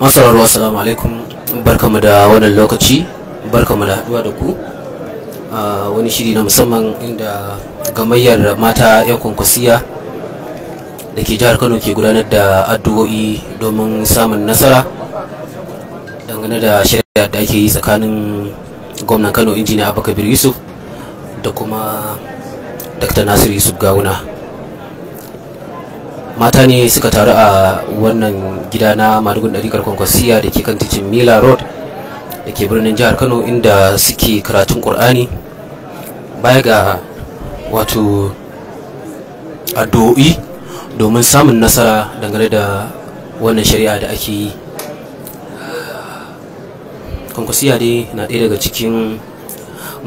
masararwa assalamu alaikum barkamu da wannan lokaci barkamu da haduwa da ku a wani shiri na musamman inda gamayyar mata 'yan kwankwasiya da ke jihar kano ke gudanar da addu'o'i domin samun nasara dangane da shari'a da ake yi tsakanin gwamnan kano injiniya abubakar yusuf da kuma dr nasiru yusuf gawuna mata ne suka taru a wannan gida na madugun ɗarikar kwankwasiya da ke kan titin mila road da ke birnin jihar kano inda suke karatun ƙur'ani baya ga wato addu'o'i domin samun nasara dangane da wannan shari'a da ake yi kwankwasiya ne na ɗaya daga cikin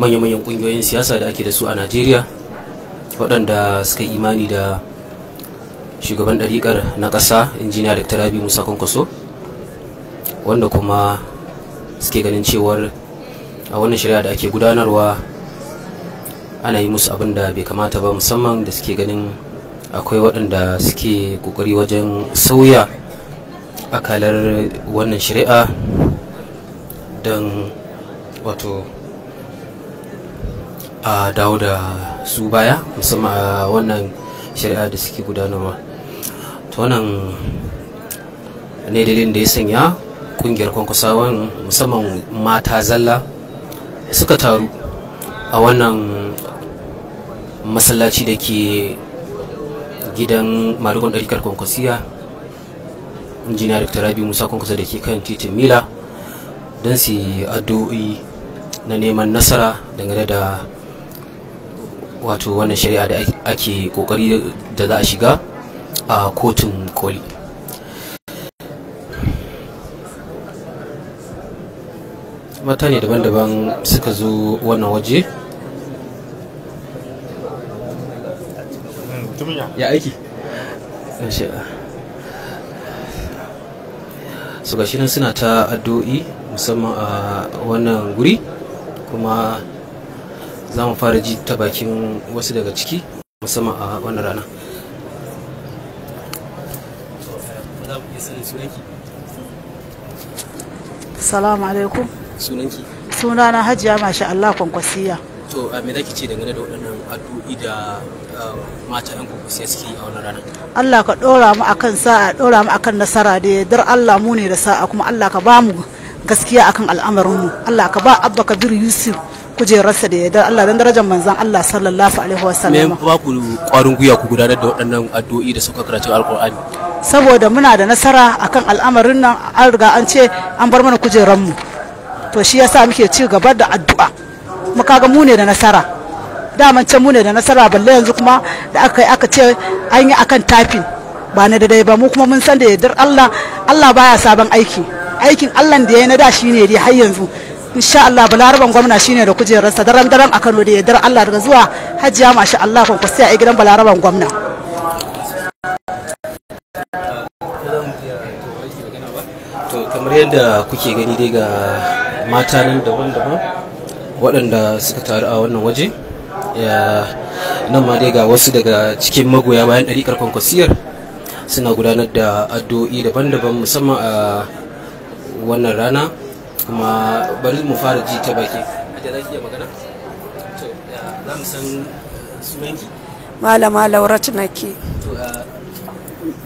manya-manyan ƙungiyoyin siyasa da ake da su a najeriya waɗanda suka imani da shugaban ɗariƙar na ƙasa injiniya da rabi musa kwankwaso wanda kuma suke ganin cewar a wannan shari'a da ake gudanarwa ana yi musu abin da bai kamata ba musamman da suke ganin akwai waɗanda suke ƙoƙari wajen sauya akalar wannan shari'a don wato a dawo da su baya musamman a wannan shari'a da suke gudanarwa to ne dalilin da ya sanya kungiyar kwankwasawan musamman mata zalla suka taru a wannan masallaci da ke gidan kar ɗarikar kwankwasiya injiniya dr rabi musa kwankwasa da ke kan titin mila don su addu'o'i na neman nasara dangane da wato wannan shari'a da ake kokari da za a shiga a kotun koli mata ne daban-daban suka zo wannan waje hmm, ya aiki su gashi nan suna ta addui musamman a wannan guri kuma za mu fara ji ta bakin wasu daga ciki musamman a wannan rana za ku iya sanin sunanki salamu alaikum sunanki sunana hajiya masha Allah kwankwasiya to me zaki ce dangane da waɗannan addu'o'i da mata yan kwankwasiya suke a wannan ranar Allah ka ɗora mu akan sa'a ɗora mu akan nasara da dar Allah mu ne da sa'a kuma Allah ka ba mu gaskiya akan al'amarin mu Allah ka ba abba kabir yusuf kujerarsa da yadda Allah dan darajar manzon Allah sallallahu alaihi wasallam me ba ku kwarin guya ku gudanar da waɗannan addu'o'i da suka karatu alqur'ani saboda muna da nasara akan al'amarin nan an riga an ce an bar mana kujerar mu to shi yasa muke ci gaba da addu'a mu kaga mu ne da nasara daman can mu ne da nasara balle yanzu kuma da aka yi aka ce an yi akan tafin ba na dai ba mu kuma mun san da yardar Allah Allah baya sabon aiki aikin Allah da ya na da ne dai har yanzu insha Allah balaraban gwamna shine da kujerarsa daren-daren a Kano da yardar Allah daga zuwa hajiya masha Allah kan kwasi a gidan balaraban gwamna to kamar yadda kuke gani dai ga mata nan daban-daban waɗanda suka taru a wannan waje nan ma dai ga wasu daga cikin magoya bayan ɗariƙar kwankwasiyar suna gudanar da addu'o'i daban-daban musamman a wannan rana kuma bari mu fara ji ta baki malama laura tunaki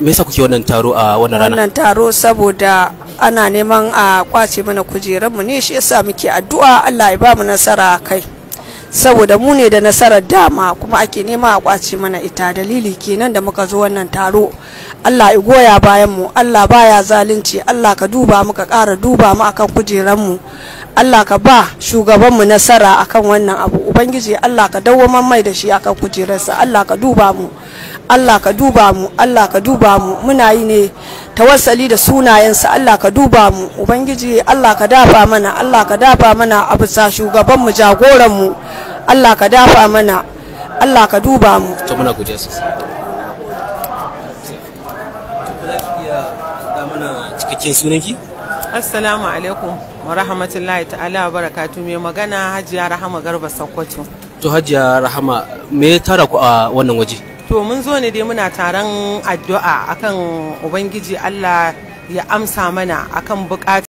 me yasa kuke wannan taro a wannan rana wannan taro saboda ana neman a kwace mana kujerunmu ne shi yasa muke addu'a Allah ya ba mu nasara kai saboda mu ne da nasarar dama kuma ake nema a kwace mana ita dalili kenan da muka zo wannan taro Allah ya goya bayan mu Allah baya zalunci Allah ka duba mu ka ƙara duba mu akan kujeran mu Allah ka ba shugaban mu nasara akan wannan abu ubangiji Allah ka dawwaman mai da shi akan kujerarsa Allah ka duba mu Allah ka duba mu Allah ka duba mu muna yi ne tawassali da sunayensa Allah ka duba mu ubangiji Allah ka dafa mana Allah ka dafa mana a bisa shugaban mu jagoran mu Allah ka dafa mana Allah ka duba mu to muna godiya sosai cikakken sunanki assalamu alaikum wa rahmatullahi ta'ala wa barakatu mai magana hajiya rahama garba sokoto to hajiya rahama me tara ku a wannan waje to mun zo ne dai muna taron addu'a akan ubangiji Allah ya amsa mana akan bukatu